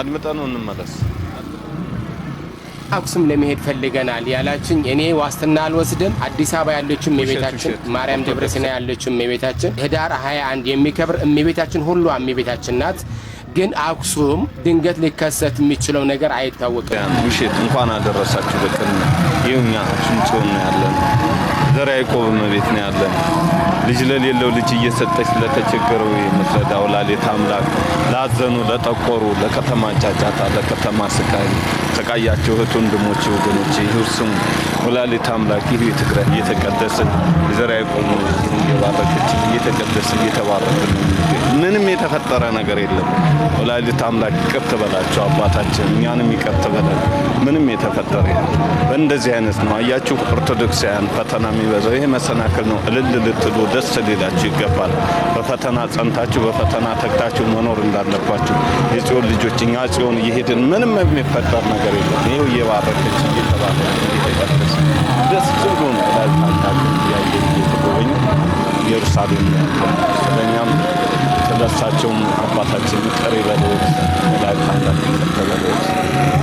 አድምጠን እንመለስ። አክሱም ለመሄድ ፈልገናል ያላችን፣ እኔ ዋስትና አልወስድም። አዲስ አበባ ያለችም እመቤታችን ማርያም ደብረሲና ያለችም እመቤታችን ህዳር 21 የሚከብር እመቤታችን ሁሉ እመቤታችን ናት። ግን አክሱም ድንገት ሊከሰት የሚችለው ነገር አይታወቅም። ምሽት እንኳን አደረሳችሁ። በቅን ይኸው አክሱም ጽዮን ነው ዘር አይቆብም ቤት ነው ያለ ልጅ ለሌለው ልጅ እየሰጠች ለተቸገረው የምትረዳ ወላዲተ አምላክ ላዘኑ፣ ለጠቆሩ፣ ለከተማ ጫጫታ፣ ለከተማ ስቃይ ተቃያቸው እህት ወንድሞች፣ ወገኖች ይህ ስሙ ወላዲተ አምላክ ይህ የትግራይ እየተቀደስን ዘር አይቆብም እየባረከች እየተቀደስን እየተባረክን ምንም የተፈጠረ ነገር የለም። ወላዲት አምላክ ይቅር ትበላቸው፣ አባታችን እኛንም ይቅር ትበለን። ምንም የተፈጠረ የለም። በእንደዚህ አይነት ነው አያችሁ፣ ኦርቶዶክሳውያን ፈተና የሚበዛው ይሄ መሰናክል ነው። እልል ልትሉ ደስ ሊላችሁ ይገባል። በፈተና ጸንታችሁ፣ በፈተና ተግታችሁ መኖር እንዳለባችሁ የጽዮን ልጆች፣ እኛ ጽዮን እየሄድን ምንም የሚፈጠር ነገር የለም። ይኸው እየባረከች እየተባረከች እየተቀደሰ ደስ ብሎ ነው አምላክ እያየ እየተጎበኙ ኢየሩሳሌም ስለኛም ቅዳሴያቸውን አባታችን ቅር ይበሉት መላእክት አምላክ